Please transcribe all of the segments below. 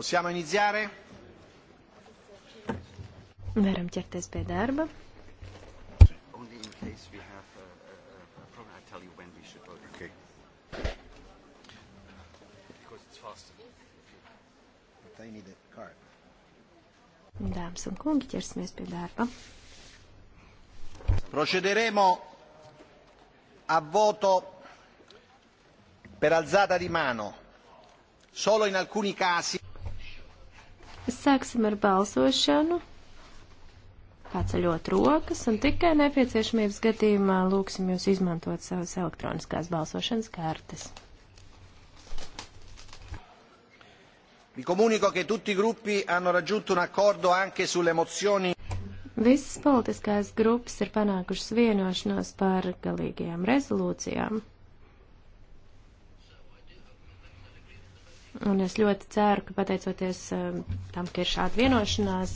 Possiamo iniziare? Varam ķerties pie darba. Dāmas un kungi, ķersimies pie darba. Procederemo a voto per alzata di mano. Solo in alcuni casi. Sāksim ar balsošanu. Paceļot rokas un tikai nepieciešamības gadījumā lūksim jūs izmantot savas elektroniskās balsošanas kartes. Vi comunico che tutti i gruppi hanno raggiunto un accordo anche sulle mozioni. Visas politiskās grupas ir panākušas vienošanos par galīgajām rezolūcijām. Un es ļoti ceru, ka pateicoties um, tam, ka ir šāda vienošanās,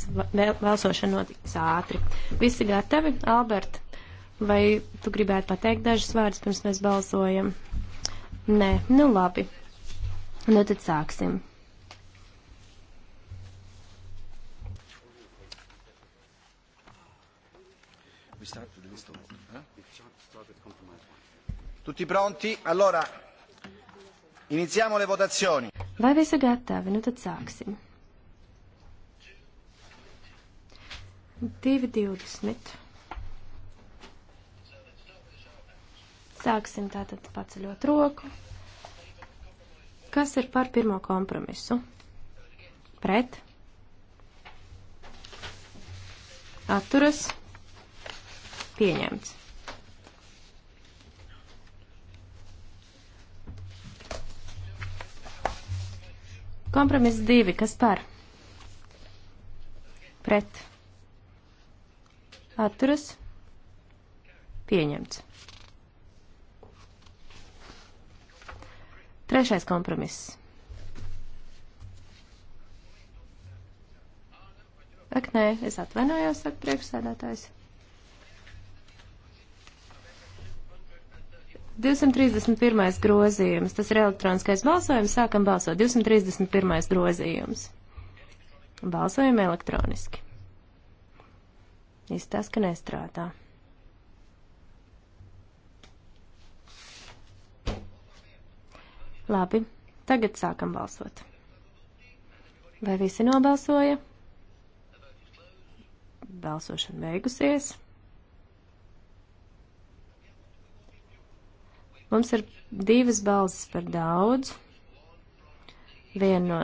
balsošana notiks ātri. Visi gatavi, Albert, vai tu gribētu pateikt dažas vārdas pirms mēs balsojam? Nē, nu labi. Nu tad sāksim. Tutti pronti? Allora, Iniziamo le votazioni. Vai visi gatavi, nu tad sāksim. 2.20. Sāksim tātad paceļot roku. Kas ir par pirmo kompromisu? Pret. Atturas. Pieņemts. Kompromiss divi, kas par? Pret. Atturas. Pieņemts. Trešais kompromiss. Ak, nē, es atvainojos, saka priekšsēdētājs. 231. grozījums. Tas ir elektroniskais balsojums. Sākam balsot. 231. grozījums. Balsojam elektroniski. Izstāsta, ka nestrādā. Labi, tagad sākam balsot. Vai visi nobalsoja? Balsošana beigusies. Mums ir divas balsis par daudz. Viena no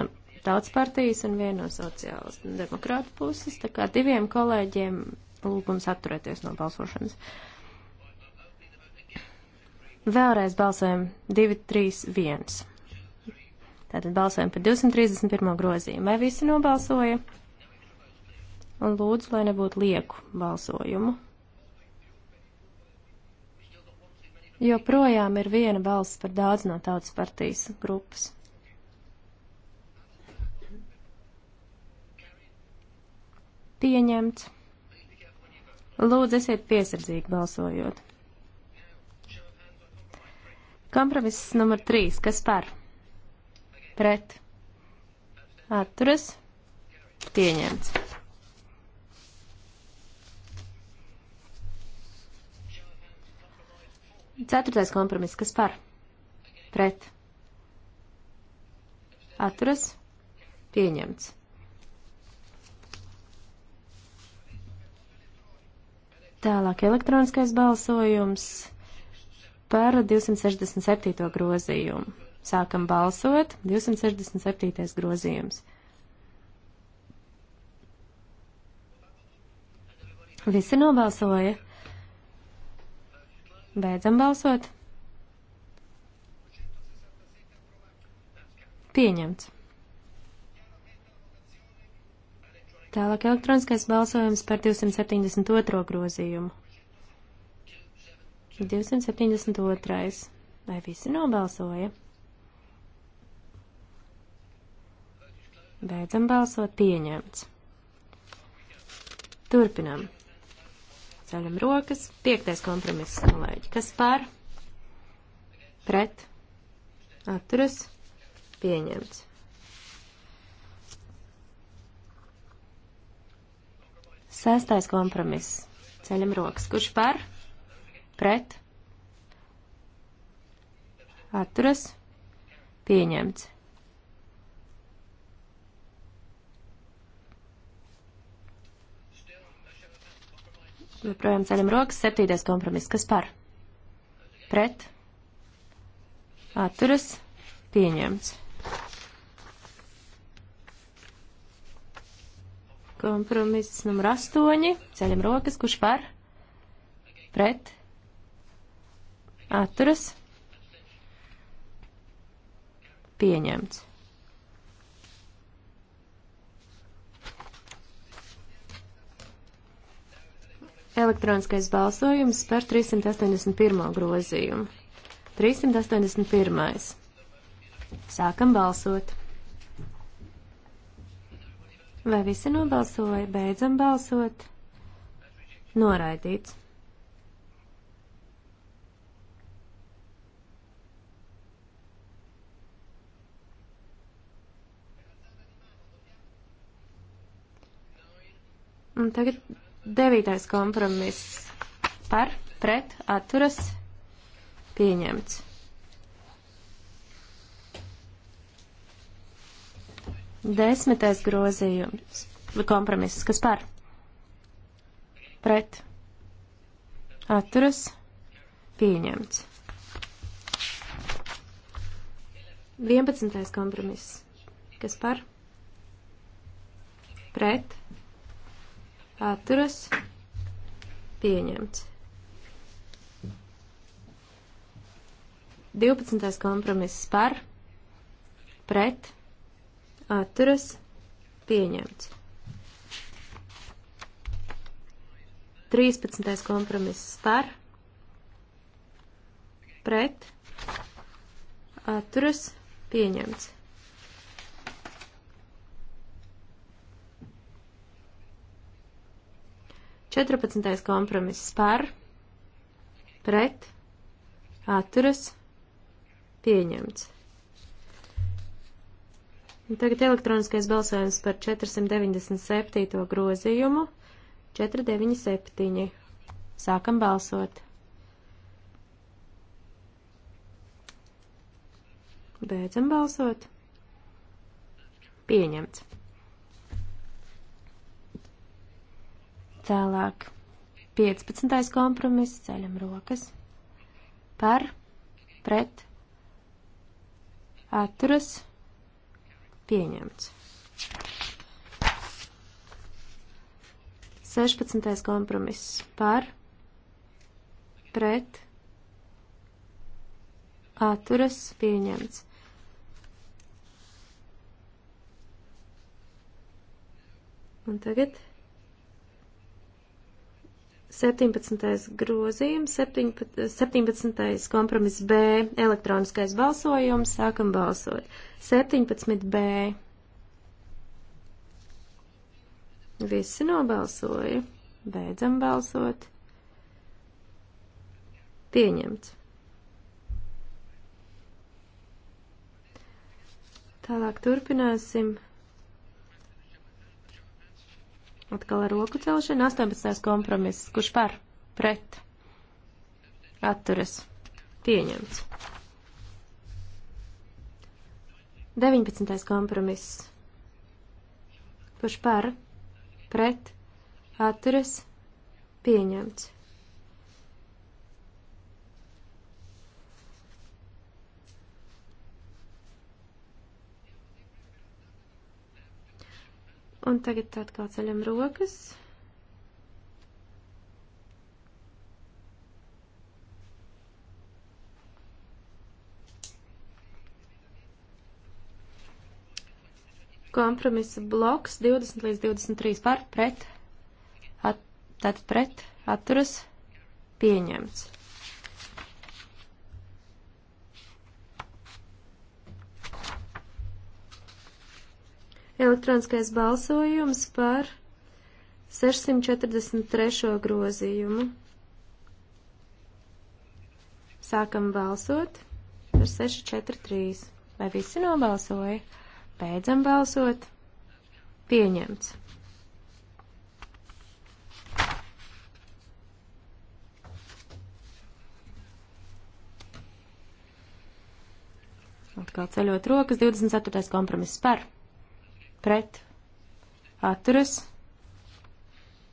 tautas partijas un viena no sociālas demokrāta puses. Tā kā diviem kolēģiem lūgums atturēties no balsošanas. Vēlreiz balsojam 2, 3, 1. Tātad balsojam par 231. grozījumu. Vai visi nobalsoja? Un lūdzu, lai nebūtu lieku balsojumu. joprojām ir viena balss par daudz no tautas partijas grupas. Pieņemts. Lūdzu, esiet piesardzīgi balsojot. Kompromiss numur 3. Kas par? Pret. Atturas. Pieņemts. Ceturtais kompromiss, kas par? Pret. Atturas. Pieņemts. Tālāk elektroniskais balsojums par 267. grozījumu. Sākam balsot. 267. grozījums. Visi nobalsoja. Beidzam balsot. Pieņemts. Tālāk elektroniskais balsojums par 272. grozījumu. 272. Vai visi nobalsoja? Beidzam balsot pieņemts. Turpinam. Ceļam rokas. Piektais kompromiss, kolēģi. Kas par? Pret. Atturas. Pieņemts. Sestais kompromiss. Ceļam rokas. Kurš par? Pret. Atturas. Pieņemts. Joprojām ceļam rokas. Septītais kompromiss. Kas par? Pret. Atturas. Pieņemts. Kompromiss numur astoņi. Ceļam rokas. Kurš par? Pret. Atturas. Pieņemts. Elektroniskais balsojums par 381. grozījumu. 381. Sākam balsot. Vai visi nobalsoja? Beidzam balsot. Noraidīts. Un tagad Devītais kompromiss par, pret, atturas, pieņemts. Desmitais grozījums, kompromiss, kas par, pret, atturas, pieņemts. Vienpadsmitais kompromiss, kas par, pret, atturas pieņemts. 12. kompromiss par, pret, atturas pieņemts. 13. kompromiss par, pret, atturas pieņemts. 14. kompromiss par, pret, atturas, pieņemts. Un tagad elektroniskais balsojums par 497. grozījumu 497. Sākam balsot. Beidzam balsot. Pieņemts. Tālāk 15. kompromiss, ceļam rokas, par, pret, atturas, pieņemts. 16. kompromiss par, pret, atturas, pieņemts. Un tagad 17. grozījums, 17. 17. kompromiss B, elektroniskais balsojums, sākam balsot. 17. B. Visi nobalsoja, beidzam balsot. Pieņemts. Tālāk turpināsim. Atkal ar roku celšanu. 18. kompromiss. Kurš par? Pret. Atturas. Pieņemts. 19. kompromiss. Kurš par? Pret. Atturas. Pieņemts. Un tagad atkal ceļam rokas. kompromisa bloks 20 līdz 23 par pret, at, tātad pret, atturas, pieņemts. Elektroniskais balsojums par 643. grozījumu. Sākam balsot par 643. Vai visi nobalsoja? Beidzam balsot. Pieņemts. Atkal ceļot rokas, 24. kompromiss par pret atturas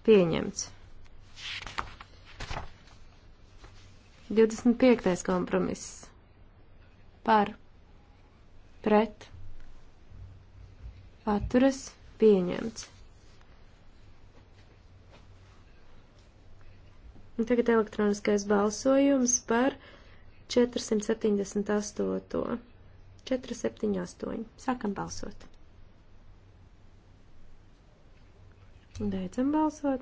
pieņemts. 25. kompromiss par pret atturas pieņemts. Un tagad elektroniskais balsojums par 478. 478. Sākam balsot. Beidzam balsot.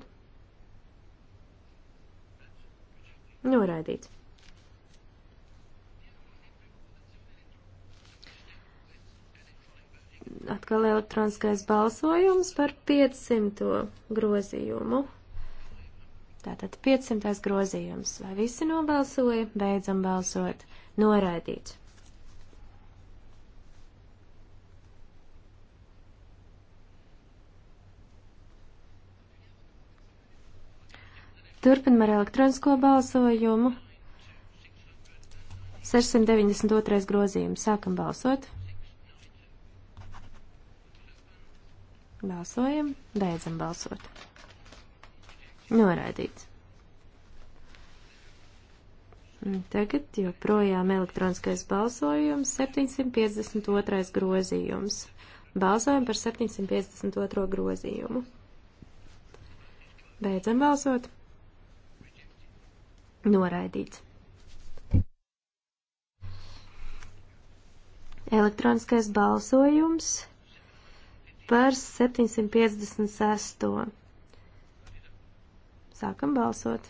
Noraidīts. Atkal elektroniskais balsojums par 500 grozījumu. Tātad 500 grozījums. Vai visi nobalsoja? Beidzam balsot. Noraidīts. Turpinam ar elektronisko balsojumu. 692. grozījums. Sākam balsot. Balsojam, beidzam balsot. Noraidīts. Tagad joprojām elektroniskais balsojums 752. grozījums. Balsojam par 752. grozījumu. Beidzam balsot. Noraidīts. Elektroniskais balsojums par 756. Sākam balsot.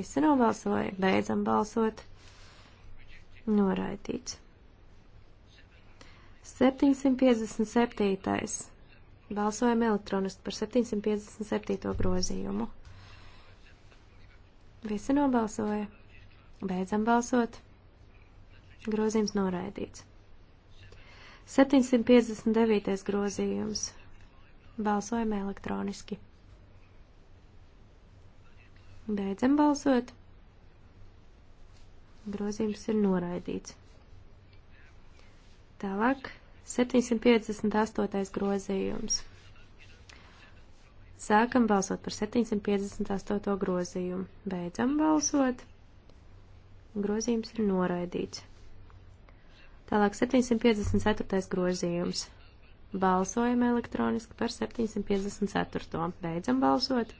Visi nobalsoja. Beidzam balsot. Noraidīts. 757. Balsojam elektroniski par 757. grozījumu. Visi nobalsoja. Beidzam balsot. Grozījums noraidīts. 759. grozījums. Balsojam elektroniski. Beidzam balsot. Grozījums ir noraidīts. Tālāk 758. grozījums. Sākam balsot par 758. grozījumu. Beidzam balsot. Grozījums ir noraidīts. Tālāk 754. grozījums. Balsojam elektroniski par 754. Beidzam balsot.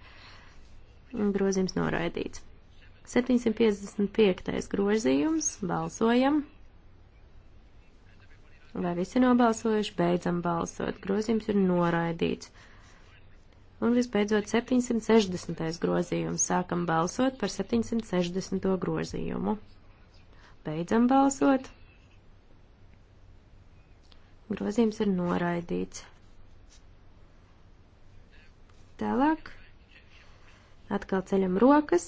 Grozījums noraidīts. 755. grozījums. Balsojam. Vai visi nobalsojuši? Beidzam balsot. Grozījums ir noraidīts. Un visbeidzot 760. grozījums. Sākam balsot par 760. grozījumu. Beidzam balsot. Grozījums ir noraidīts. Tālāk. Atkal ceļam rokas.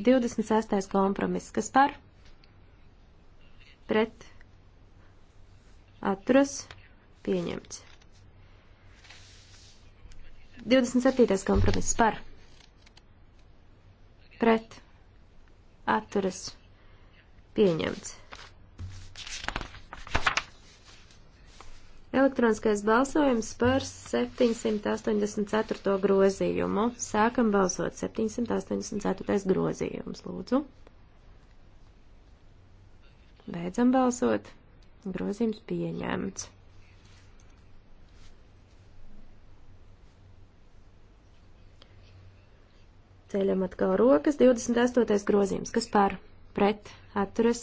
26. kompromiss. Kas par? Pret. Atturas. Pieņemts. 27. kompromiss par pret atturas pieņemts. Elektroniskais balsojums par 784. grozījumu. Sākam balsot 784. grozījums, lūdzu. Beidzam balsot. Grozījums pieņemts. Ceļam atkal rokas. 28. grozījums. Kas par? Pret. Atturas.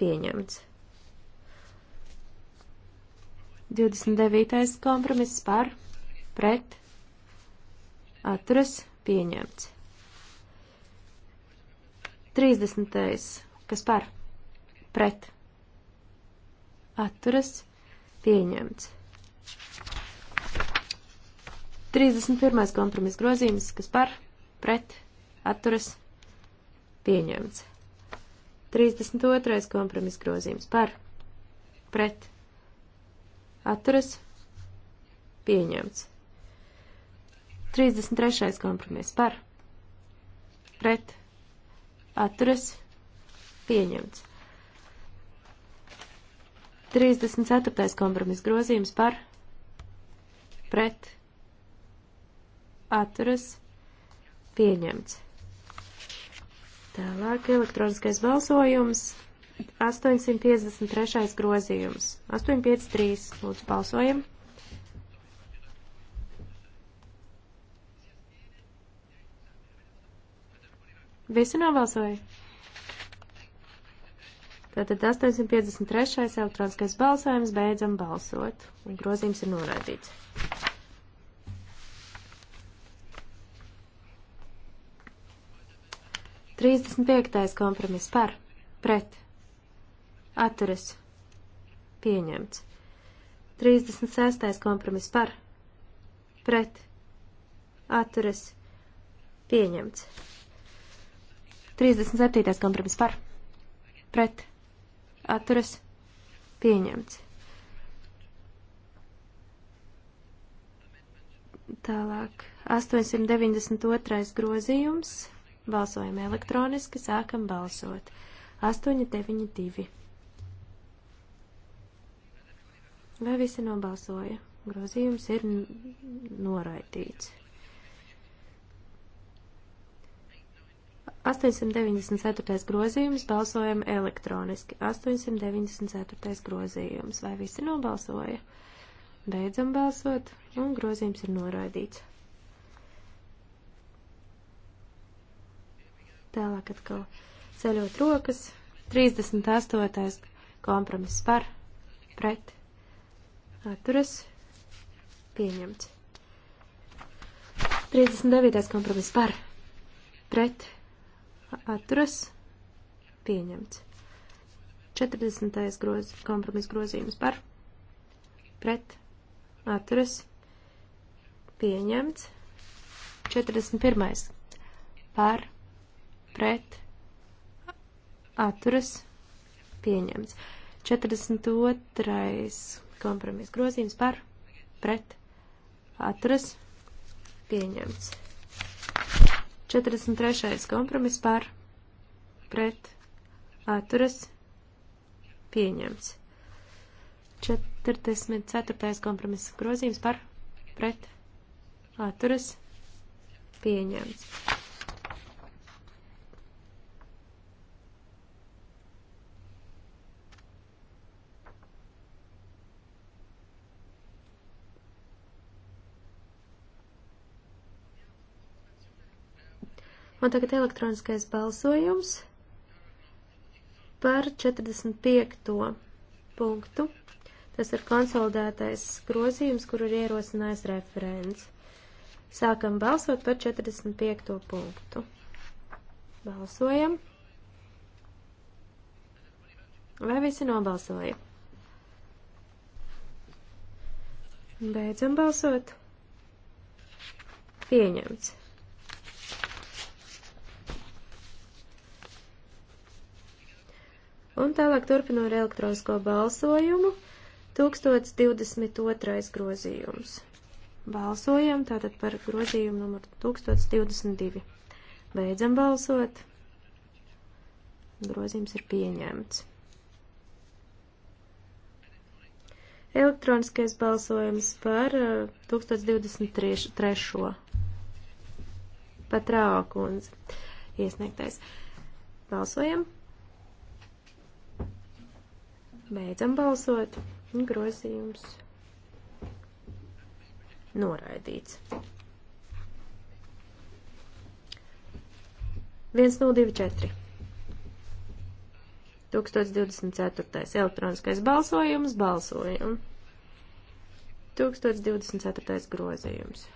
Pieņemts. 29. kompromiss par, pret, atturas, pieņemts. 30. kas par, pret, atturas, pieņemts. 31. kompromis grozījums, kas par, pret, atturas, pieņemts. 32. kompromis grozījums par, pret, atturas, pieņemts. 33. kompromis par, pret, atturas, pieņemts. 34. kompromis grozījums par, pret, atturas, pieņemts atturas pieņemts. Tālāk elektroniskais balsojums 853. grozījums. 853. Lūdzu, balsojam. Visi nobalsoja. Tātad 853. elektroniskais balsojums, beidzam balsot. Un grozījums ir noraidīts. 35. kompromiss par, pret, atturas, pieņemts. 36. kompromiss par, pret, atturas, pieņemts. 37. kompromiss par, pret, atturas, pieņemts. Tālāk, 892. grozījums Balsojam elektroniski, sākam balsot. 8, 9, 2. Vai visi nobalsoja? Grozījums ir noraidīts. 894. grozījums balsojam elektroniski. 894. grozījums. Vai visi nobalsoja? Beidzam balsot, un grozījums ir noraidīts. Tālāk atkal ceļot rokas. 38. kompromiss par, pret, atturas, pieņemts. 39. kompromiss par, pret, atturas, pieņemts. 40. Groz, kompromiss grozījums par, pret, atturas, pieņemts. 41. par, pret atturas pieņemts. 42. kompromis grozījums par pret atturas pieņemts. 43. kompromis par pret atturas pieņemts. 44. kompromis grozījums par pret atturas pieņemts. Un tagad elektroniskais balsojums par 45. punktu. Tas ir konsolidētais grozījums, kuru ir ierosinājis referents. Sākam balsot par 45. punktu. Balsojam. Vai visi nobalsoja? Beidzam balsot. Pieņemts. Un tālāk turpinot ar elektronisko balsojumu, 1022. grozījums. Balsojam tātad par grozījumu numuru 1022. Beidzam balsot. Grozījums ir pieņemts. Elektroniskais balsojums par 1023. Uh, Patrākundze iesniegtais. Balsojam. Beidzam balsot. Grozījums noraidīts. 1024. 1024. elektroniskais balsojums, balsojam. 1024. grozījums.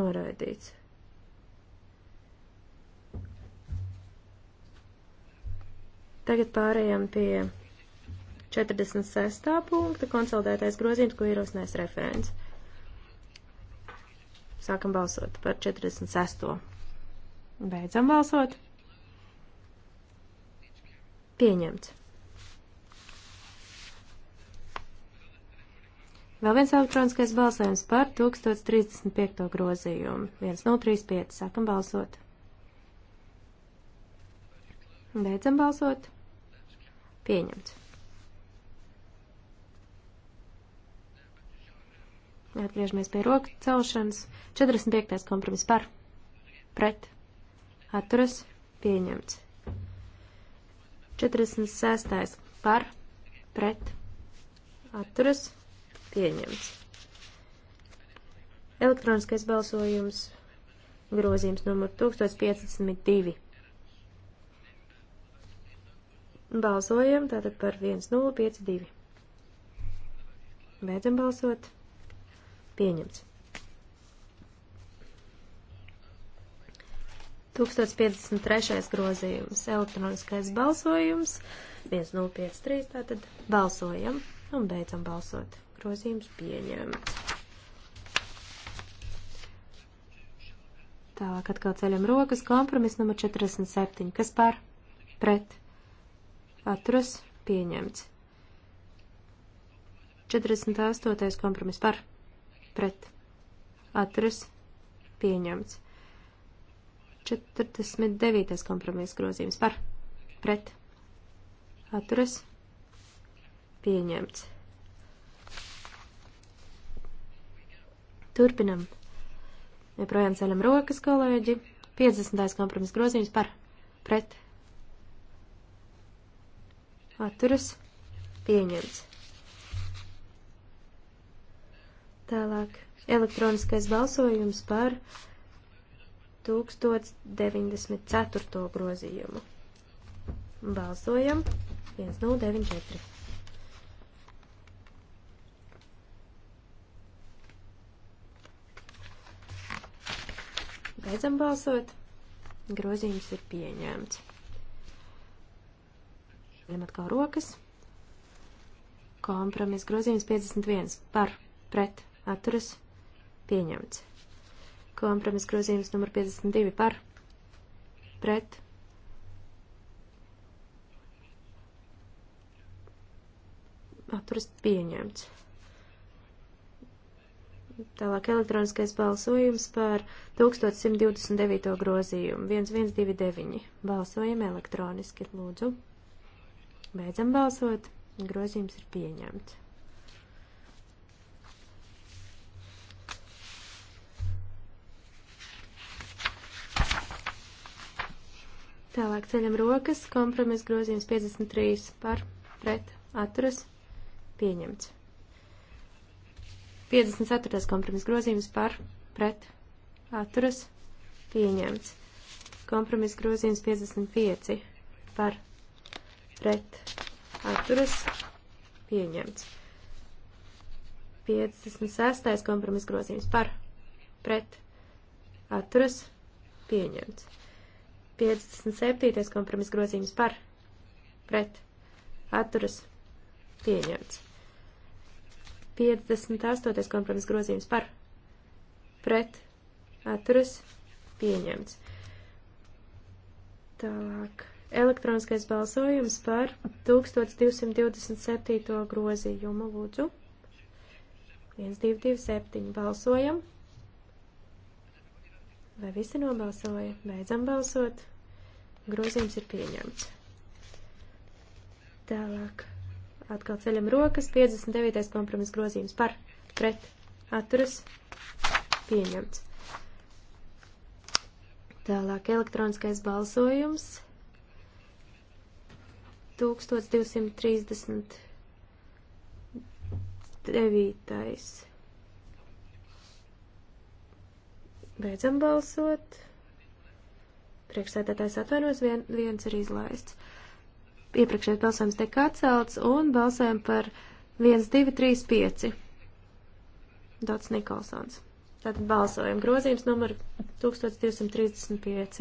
Noraidīts. Tagad pārējām pie 46. punkta konsolidētais grozījums, ko ierosinājis referents. Sākam balsot par 46. Beidzam balsot. Pieņemts. Vēl viens elektroniskais balsojums par 1035. grozījumu. 1035. Sākam balsot. Beidzam balsot. Pieņemts. Atgriežamies pie roku celšanas. 45. kompromiss par. Pret. Atturas. Pieņemts. 46. par. Pret. Atturas. Pieņemts. Elektroniskais balsojums. Grozījums numur 1052. Balsojam tātad par 1052. Beidzam balsot. Pieņemts. 1053. grozījums, elektroniskais balsojums, 1053, tātad balsojam un beidzam balsot. Grozījums pieņemts. Tālāk atkal ceļam rokas, kompromiss numur 47, kas par? Pret atturas pieņemts. 48. kompromiss par, pret, atturas pieņemts. 49. kompromiss grozījums par, pret, atturas pieņemts. Turpinam. Joprojām ceļam rokas, kolēģi. 50. kompromiss grozījums par, pret, atturas pieņemts. Tālāk elektroniskais balsojums par 1094. grozījumu. Balsojam 1094. Beidzam balsot. Grozījums ir pieņemts. Viņam atkal rokas. Kompromis grozījums 51 par pret atturas pieņemts. Kompromis grozījums numur 52 par pret. Atturas pieņemts. Tālāk elektroniskais balsojums par 1129. grozījumu 1129. Balsojam elektroniski, lūdzu. Beidzam balsot. Grozījums ir pieņemts. Tālāk ceļam rokas, kompromis grozījums 53 par pret atturas pieņemts. 54. kompromis grozījums par pret atturas pieņemts. Kompromis grozījums 55 par pret pret atturas pieņemts. 56. kompromis grozījums par pret atturas pieņemts. 57. kompromis grozījums par pret atturas pieņemts. 58. kompromis grozījums par pret atturas pieņemts. Tālāk. Elektroniskais balsojums par 1227. grozījumu lūdzu. 1227 balsojam. Vai visi nobalsoja? Beidzam balsot. Grozījums ir pieņemts. Tālāk. Atkal ceļam rokas. 59. kompromis grozījums par pret atturas pieņemts. Tālāk elektroniskais balsojums 1239. Beidzam balsot. Priekšsēdētājs atvainojas, vien, viens ir izlaists. Iepriekšējais balsojums tiek atcelts un balsojam par 1, 2, 3, 5. Dots Nikolsons. Tātad balsojam grozījums numur 1235.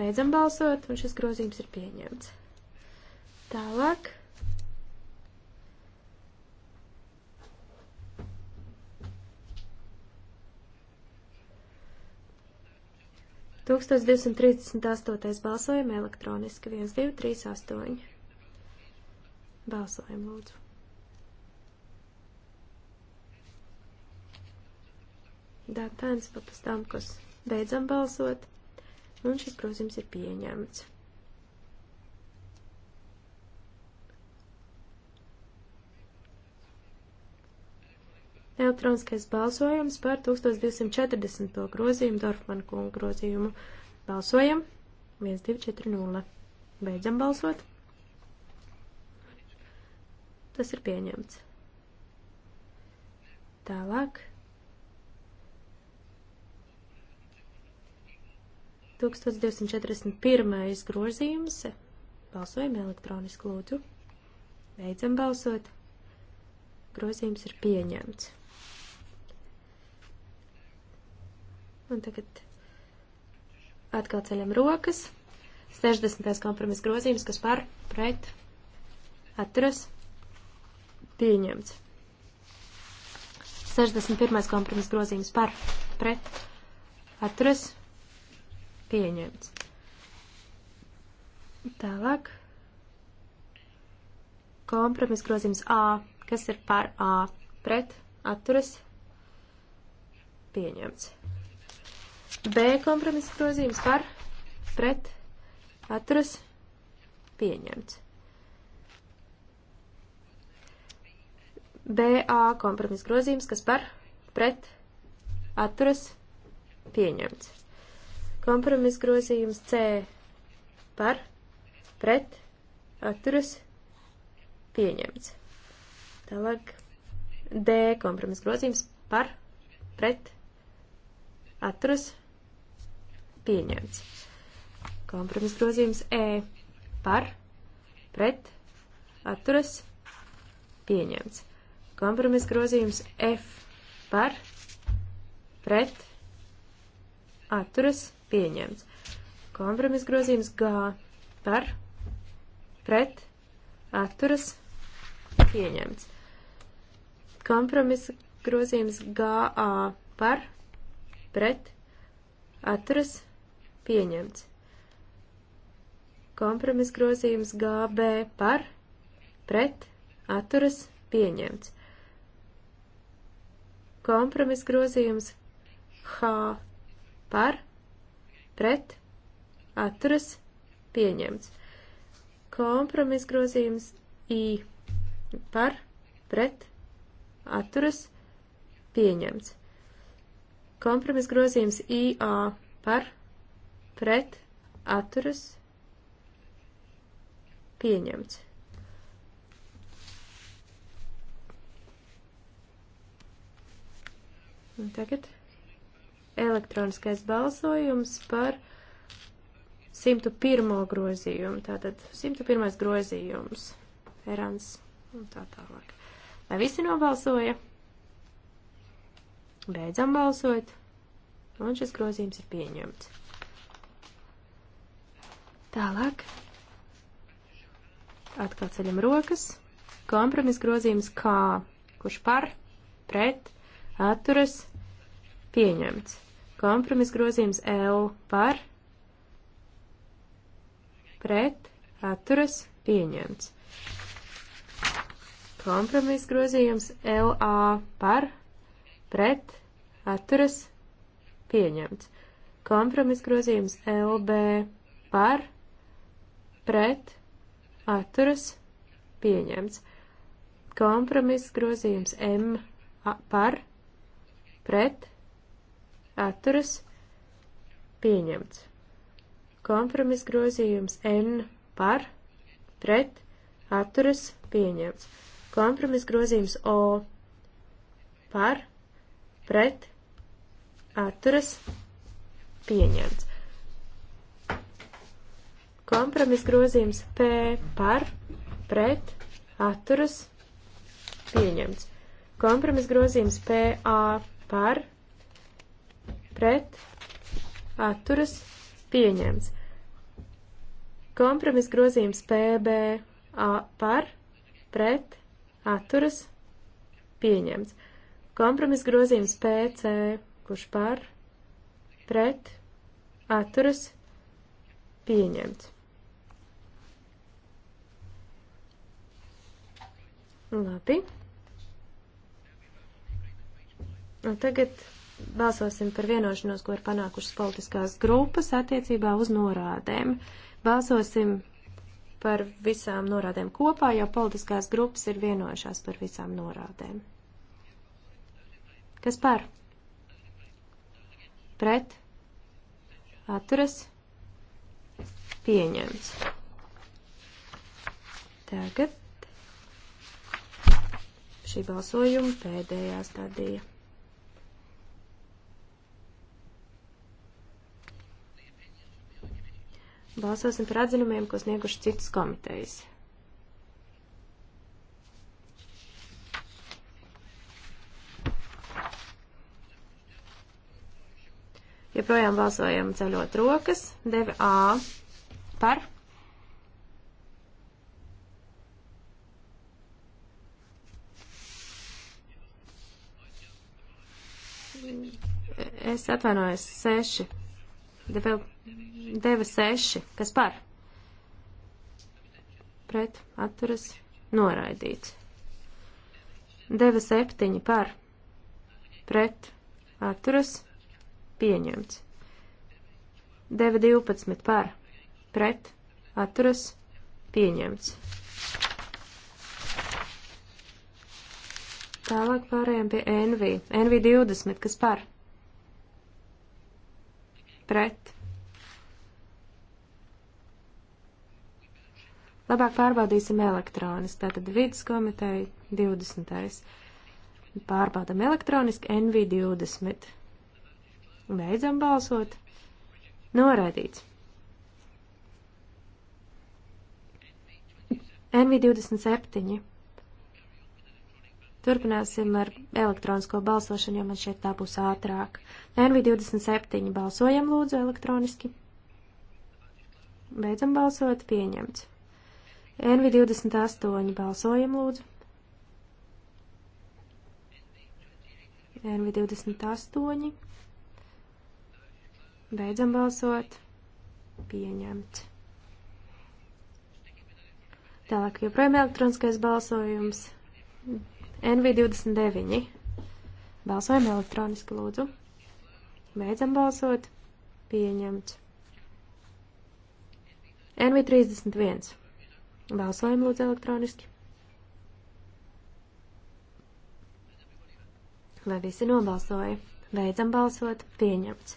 Beidzam balsot un šis grozījums ir pieņemts. Tālāk. Tūkstoš divsimt trīsdesmit astotais balsojam elektroniski viens, divi, trīs, astoņi. Balsojam, lūdzu. Dantēns papastām, kas beidzam balsot, un šis grozījums ir pieņemts. Elektroniskais balsojums par 1240. grozījumu Dorfman kunga grozījumu. Balsojam 1240. Beidzam balsot. Tas ir pieņemts. Tālāk. 1241. grozījums. Balsojam elektroniski lūdzu. Beidzam balsot. Grozījums ir pieņemts. Un tagad atkal ceļam rokas. 60. kompromiss grozījums, kas par pret atturas pieņemts. 61. kompromiss grozījums par pret atturas pieņemts. Tālāk. Kompromiss grozījums A, kas ir par A pret atturas pieņemts. B kompromisa grozījums par pret atturas pieņemts. BA kompromisa grozījums, kas par pret atturas pieņemts. Kompromisa grozījums C par pret atturas pieņemts. Tālāk D kompromisa grozījums par pret atturas pieņemts pieņemts. Kompromis grozījums E par, pret, atturas, pieņemts. Kompromis grozījums F par, pret, atturas, pieņemts. Kompromis grozījums G par, pret, atturas, pieņemts. Kompromis grozījums GA par, pret, atturas, pieņemts pieņemts. Kompromis grozījums GB par, pret, atturas, pieņemts. Kompromis grozījums H par, pret, atturas, pieņemts. Kompromis grozījums I par, pret, atturas, pieņemts. Kompromis grozījums IA par, pret atturas pieņemts. Un tagad elektroniskais balsojums par 101. grozījumu. Tātad 101. grozījums, Erans un tā tālāk. Vai visi nobalsoja? Beidzam balsot. Un šis grozījums ir pieņemts. Tālāk. Atkal ceļam rokas. Kompromis grozījums kā. Kurš par, pret, atturas, pieņemts. Kompromis grozījums L par, pret, atturas, pieņemts. Kompromis grozījums LA par, pret, atturas, pieņemts. Kompromis grozījums LB par, pret, pret, atturas, pieņemts. Kompromiss grozījums M a, par, pret, atturas, pieņemts. Kompromiss grozījums N par, pret, atturas, pieņemts. Kompromiss grozījums O par, pret, atturas, pieņemts Kompromis grozījums P par, pret, atturas, pieņemts. Kompromis grozījums PA par, pret, atturas, pieņemts. Kompromis grozījums PB par, pret, atturas, pieņemts. Kompromis grozījums PC, kurš par, pret, atturas, pieņemts. Labi. Un tagad balsosim par vienošanos, ko ir panākušas politiskās grupas attiecībā uz norādēm. Balsosim par visām norādēm kopā, jo politiskās grupas ir vienojušās par visām norādēm. Kas par? Pret? Atturas? Pieņemts. Tagad šī balsojuma pēdējā stadija. Balsosim par atzinumiem, ko snieguši citas komitejas. Joprojām balsojam ceļot rokas. 9A par es atvainojos, 6, deva, deva 6, kas par? Pret, atturas, noraidīts. Deva 7 par, pret, atturas, pieņemts. Deva 12 par, pret, atturas, pieņemts. Tālāk pārējām pie NV. NV 20, kas par? pret. Labāk pārbaudīsim elektroniski, tātad vidas komiteja 20. Pārbaudam elektroniski NV20. Beidzam balsot. Noraidīts. NV27 Turpināsim ar elektronisko balsošanu, jo man šeit tā būs ātrāk. NV27 balsojam lūdzu elektroniski. Beidzam balsot, pieņemts. NV28 balsojam lūdzu. NV28. Beidzam balsot. Pieņemts. Tālāk joprojām elektroniskais balsojums. NV29. Balsojam elektroniski, lūdzu. Beidzam balsot. Pieņemts. NV31. Balsojam, lūdzu, elektroniski. Lai visi nobalsoja. Beidzam balsot. Pieņemts.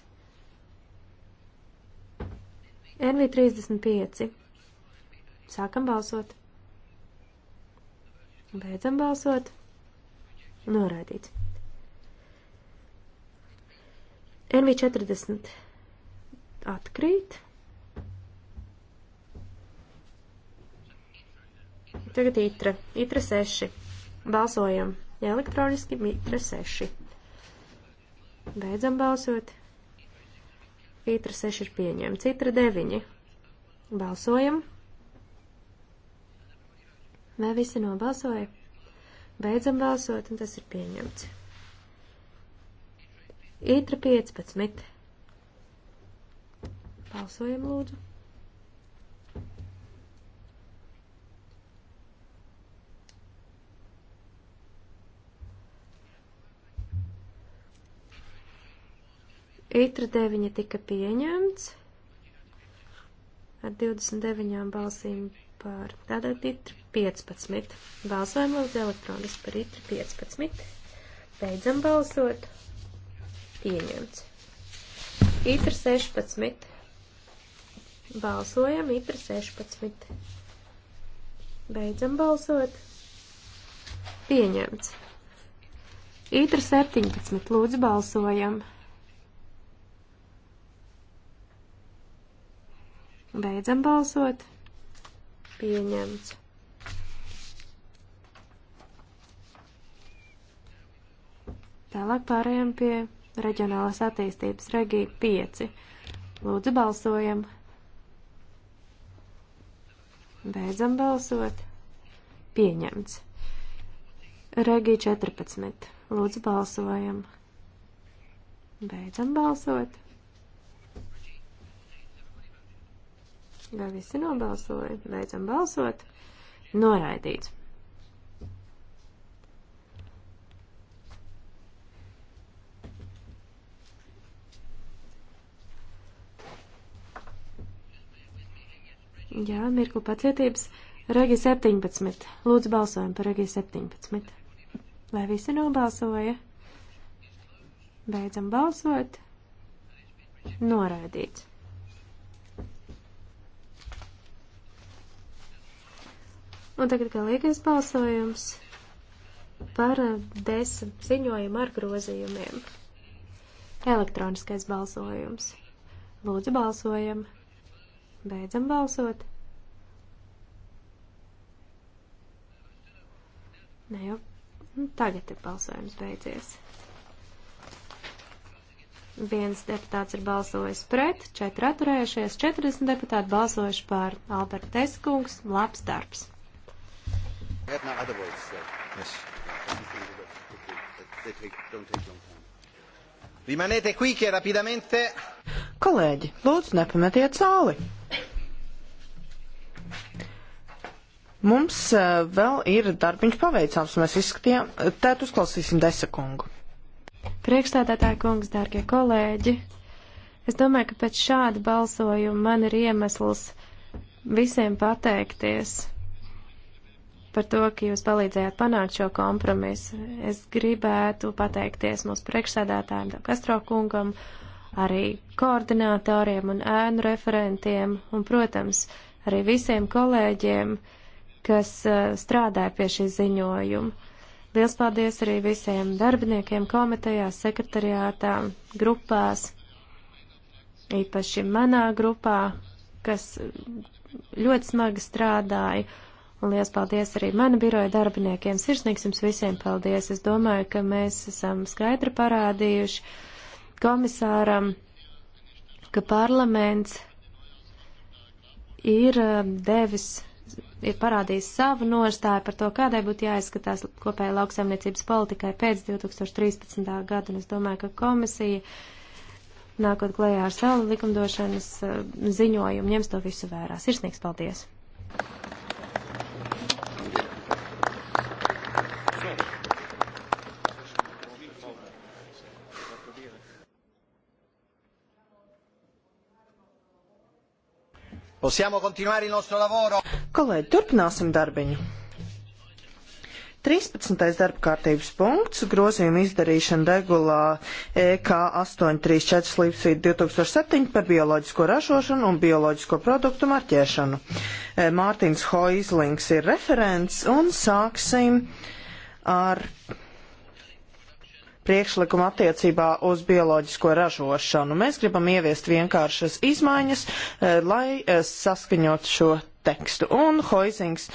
NV35. Sākam balsot. Beidzam balsot. Norādīts. NV40 atkrīt. Tagad itra. Itra 6. Balsojam elektroniski. Itra 6. Beidzam balsot. Itra 6 ir pieņemts. Itra 9. Balsojam. Vai visi nobalsoja? Beidzam balsot, un tas ir pieņemts. Itra 15. Balsojam, lūdzu. Itra 9 tika pieņemts ar 29 balsīm par tātad itri 15. Balsojam lūdzu elektroniski par itri 15. Beidzam balsot. Pieņemts. Itri 16. Balsojam itri 16. Beidzam balsot. Pieņemts. Itri 17. Lūdzu balsojam. Beidzam balsot pieņemts. Tālāk pārējām pie reģionālās attīstības regija 5. Lūdzu balsojam. Beidzam balsot. Pieņemts. Regija 14. Lūdzu balsojam. Beidzam balsot. Vai visi nobalsoja? Beidzam balsot. Noraidīts. Jā, mirkli pacietības. Regi 17. Lūdzu balsojumu par Regi 17. Vai visi nobalsoja? Beidzam balsot. Noraidīts. Un tagad galīgais balsojums par desmit eh, ziņojumu ar grozījumiem. Elektroniskais balsojums. Lūdzu, balsojam. Beidzam balsot. Nē, jau nu, tagad ir balsojums beidzies. Viens deputāts ir balsojis pret, četri atturējušies, 40 deputāti balsojuši pār Alberta Eskungs. Labs darbs! Rimanete qui, che rapidamente. Kolēģi, lūdzu, nepametiet sāli. Mums uh, vēl ir darbiņš paveicams, un mēs izskatījām, tēt uzklausīsim desekungu. Priekšstādātāja kungs, dārgie kolēģi, es domāju, ka pēc šāda balsojuma man ir iemesls visiem pateikties par to, ka jūs palīdzējāt panākt šo kompromisu. Es gribētu pateikties mūsu priekšsēdētājiem, Kastro kungam, arī koordinātoriem un ēnu referentiem un, protams, arī visiem kolēģiem, kas uh, strādāja pie šī ziņojuma. Liels paldies arī visiem darbiniekiem komitejās, sekretariātā, grupās, īpaši manā grupā, kas ļoti smagi strādāja Un liels paldies arī mana biroja darbiniekiem. Sirsnīgs jums visiem paldies. Es domāju, ka mēs esam skaidri parādījuši komisāram, ka parlaments ir eh, devis, ir parādījis savu nostāju par to, kādai būtu jāizskatās kopēja lauksaimniecības politikai pēc 2013. gada. Un es domāju, ka komisija, nākot klajā ar savu likumdošanas eh, ziņojumu, ņems to visu vērā. Sirsnīgs paldies! Thank you. Possiamo continuare il nostro lavoro. Kolēģi, turpināsim darbiņu. 13. darba kārtības punkts - grozījuma izdarīšana regulā EK 834 līdz 2007 par bioloģisko ražošanu un bioloģisko produktu marķēšanu. E, Mārtiņš Hoizlings ir referents un sāksim ar priekšlikumu attiecībā uz bioloģisko ražošanu. Mēs gribam ieviest vienkāršas izmaiņas, eh, lai eh, saskaņot šo tekstu. Un Hoizings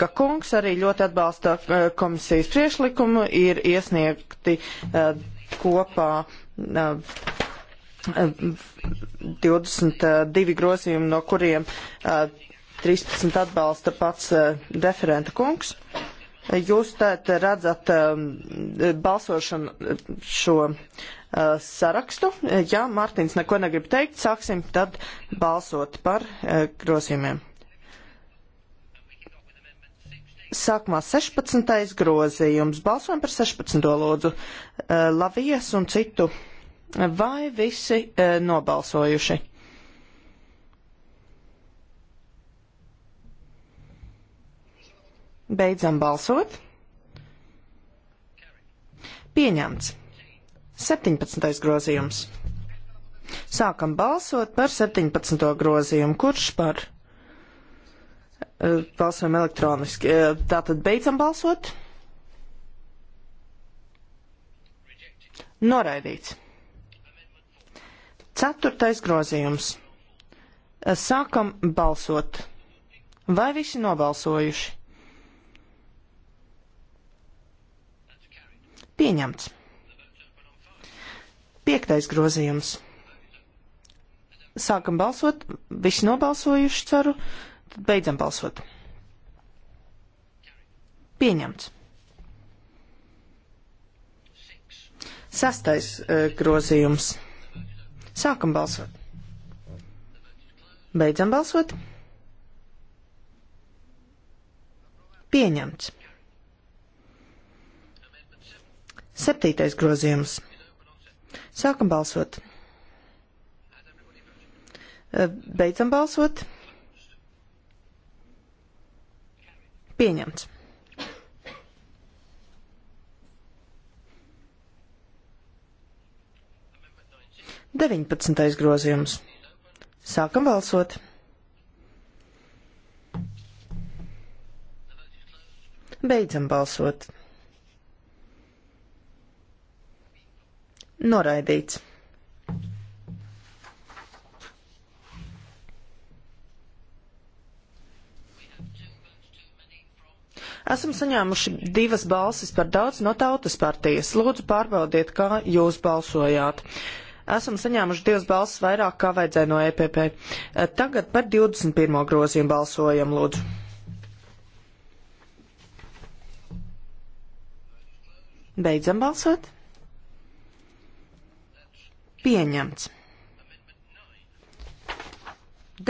Gakungs arī ļoti atbalsta eh, komisijas priekšlikumu, ir iesniegti kopā 22 grozījumi, no kuriem 13 atbalsta pats referenta kungs. Jūs tēt redzat um, balsošanu šo uh, sarakstu. Ja Mārtiņš neko negrib teikt, sāksim tad balsot par uh, grozījumiem. Sākumā 16. grozījums. Balsojam par 16. lūdzu. Uh, Lavijas un citu. Vai visi nobalsojuši? Beidzam balsot. Pieņemts. 17. grozījums. Sākam balsot par 17. grozījumu. Kurš par? Eh, balsojam elektroniski. Eh, tātad beidzam balsot. Noraidīts. Ceturtais grozījums. Eh, sākam balsot. Vai visi nobalsojuši? Pieņemts. Piektais grozījums. Sākam balsot, visi nobalsojuši ceru, tad beidzam balsot. Pieņemts. Sastais uh, grozījums. Sākam balsot. Beidzam balsot. Pieņemts. Septītais grozījums. Sākam balsot. Beidzam balsot. Pieņemts. Deviņpadsmitais grozījums. Sākam balsot. Beidzam balsot. Noraidīts. Esam saņēmuši divas balsis par daudz no tautas partijas. Lūdzu, pārbaudiet, kā jūs balsojāt. Esam saņēmuši divas balsis vairāk, kā vajadzēja no EPP. Tagad par 21. grozījumu balsojam, lūdzu. Beidzam balsot. Pieņemts.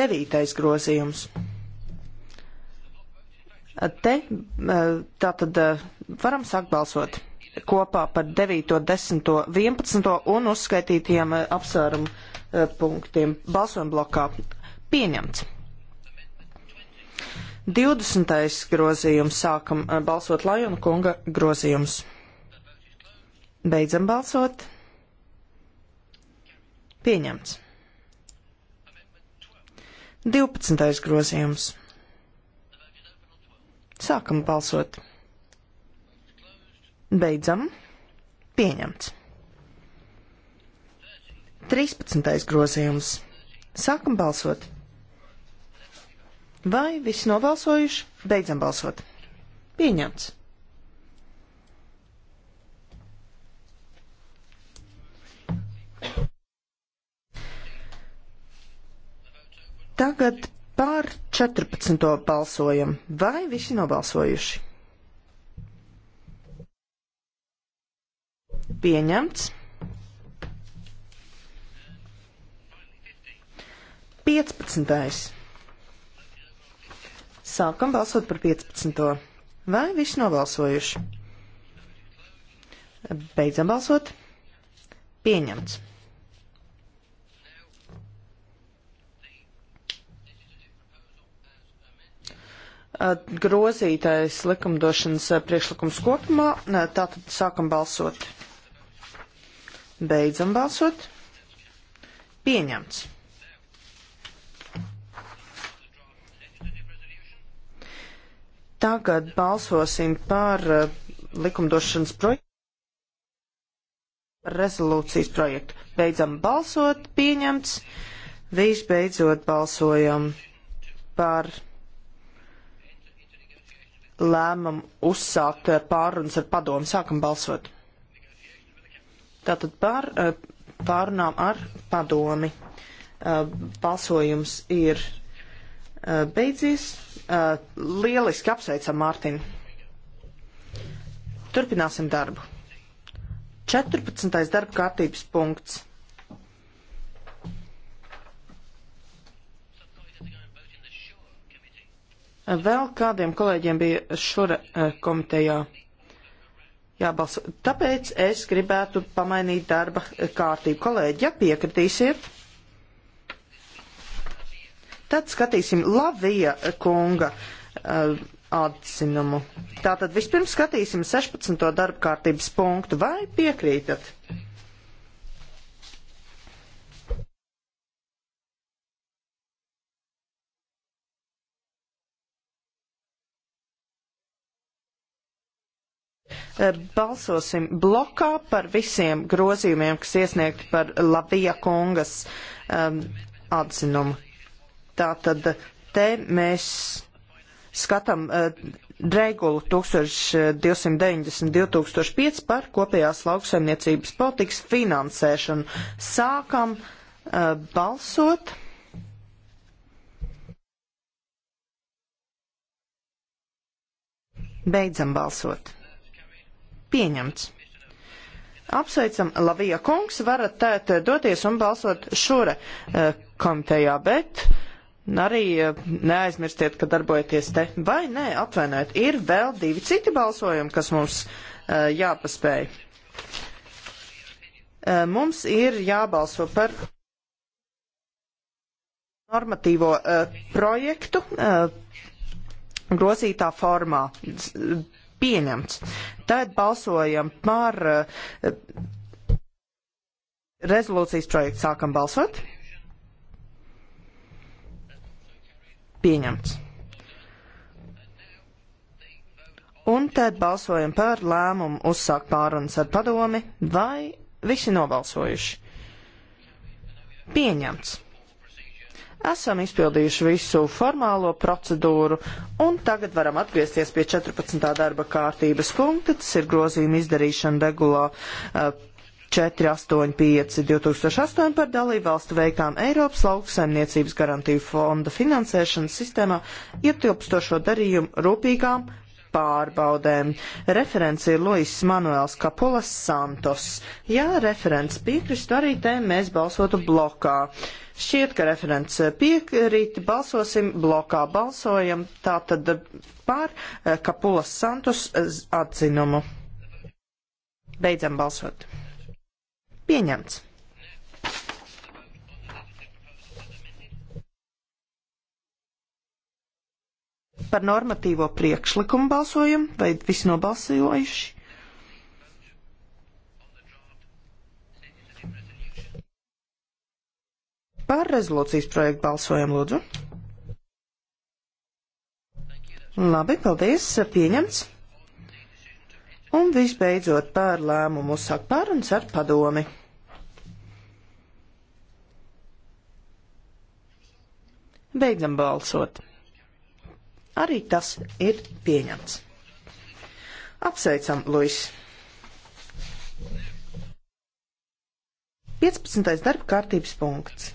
Devītais grozījums. Te tātad varam sākt balsot kopā par 9, 10, 11 un uzskaitītiem eh, apsvērumu eh, punktiem balsojumu blokā. Pieņemts. 20. grozījums sākam eh, balsot Lajona kunga grozījums. Beidzam balsot. Pieņemts. 12. grozījums. Sākam balsot. Beidzam. Pieņemts. 13. grozījums. Sākam balsot. Vai visi nobalsojuši? Beidzam balsot. Pieņemts. Tagad par 14. balsojam. Vai visi nobalsojuši? Pieņemts. 15. Sākam balsot par 15. Vai visi nobalsojuši? Beidzam balsot. Pieņemts. grozītais likumdošanas priekšlikums kopumā. Tātad sākam balsot. Beidzam balsot. Pieņemts. Tagad balsosim par likumdošanas projektu, rezolūcijas projektu. Beidzam balsot, pieņemts. Visbeidzot balsojam par lēmam uzsākt eh, pārunas ar padomu. Sākam balsot. Tātad pār, eh, pārunām ar padomi. Eh, balsojums ir beidzies. Lieliski apsveicam Mārtiņu. Turpināsim darbu. 14. darba kārtības punkts. Vēl kādiem kolēģiem bija šura eh, komitejā jābalso. Tāpēc es gribētu pamainīt darba eh, kārtību. Kolēģi, ja piekritīsiet, tad skatīsim Lavija eh, kunga uh, atzinumu. Tātad vispirms skatīsim 16. darba kārtības punktu. Vai piekrītat? Eh, balsosim blokā par visiem grozījumiem, kas iesniegti par Lavija kungas um, atzinumu. Tātad te mēs skatām uh, regulu 1290-2005 par kopējās lauksaimniecības politikas finansēšanu. Sākam uh, balsot. Beidzam balsot pieņemts. Apsveicam, Lavija kungs, varat tēt eh, doties un balsot šura eh, komitejā, bet arī eh, neaizmirstiet, ka darbojaties te. Vai nē, atvainojiet, ir vēl divi citi balsojumi, kas mums jāpaspēj. Mums ir jābalso par normatīvo projektu grozītā formā pieņemts. Tad balsojam par eh, rezolūcijas projektu. Sākam balsot. Pieņemts. Un tad balsojam par lēmumu uzsākt pārunas ar padomi, vai visi nobalsojuši. Pieņemts. Esam izpildījuši visu formālo procedūru un tagad varam atgriezties pie 14. darba kārtības punkta. Tas ir grozījuma izdarīšana regulā 485 eh, 2008 par dalību valstu veiktām Eiropas lauksaimniecības garantiju fonda finansēšanas sistēmā ietilpstošo darījumu rūpīgām pārbaudēm. Referents ir Luis Manuels Kapulas Santos. Ja referents piekristu, arī te mēs balsotu blokā. Šķiet, ka referents piekrīt, balsosim blokā, balsojam tātad pār Kapulas eh, Santos eh, atzinumu. Beidzam balsot. Pieņemts. Par normatīvo priekšlikumu balsojam, vai visi nobalsojuši? Par rezolūcijas projektu balsojam, lūdzu. Labi, paldies, pieņemts. Un visbeidzot par lēmumu uzsākt pārunas ar padomi. Beidzam balsot. Arī tas ir pieņemts. Apsveicam, Luis! 15. darba kārtības punkts.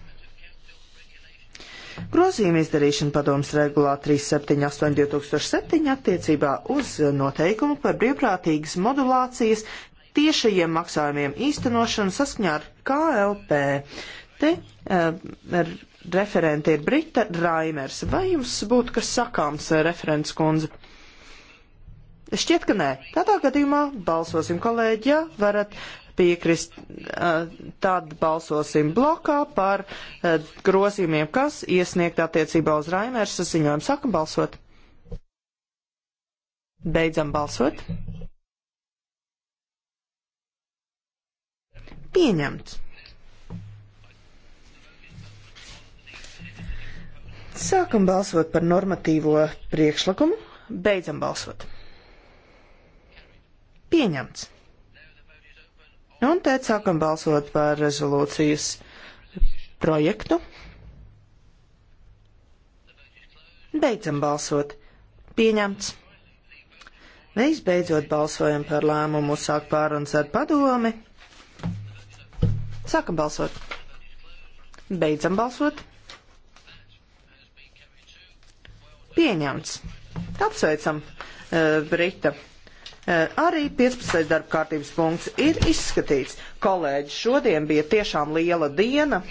Grozījuma izdarīšana padomas regulā 378-2007 attiecībā uz noteikumu par brīvprātīgas modulācijas tiešajiem maksājumiem īstenošanu saskaņā ar KLP. Te uh, Referenti ir Brita Raimers. Vai jums būtu kas sakāms, eh, referents kundze? Šķiet, ka nē. Tādā gadījumā balsosim kolēģi, ja varat piekrist, eh, tad balsosim blokā par eh, grozījumiem, kas iesniegt attiecībā uz Raimērsa ziņojumu. Sākam balsot. Beidzam balsot. Pieņemts. Sākam balsot par normatīvo priekšlikumu, beidzam balsot. Pieņemts. Un tad sākam balsot par rezolūcijas projektu. Beidzam balsot. Pieņemts. Mēs beidzot balsojam par lēmumu uzsākt pārunas ar padomi. Sākam balsot. Beidzam balsot. pieņemts. Apsveicam, eh, Brita. Eh, arī 15. darba kārtības punkts ir izskatīts. Kolēģi, šodien bija tiešām liela diena.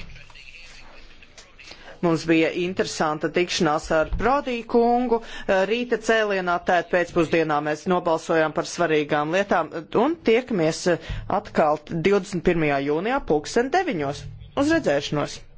Mums bija interesanta tikšanās ar Prodīju kungu. Eh, rīta cēlienā tēt pēcpusdienā mēs nobalsojām par svarīgām lietām un tiekamies atkal 21. jūnijā pulksten 9. uz redzēšanos!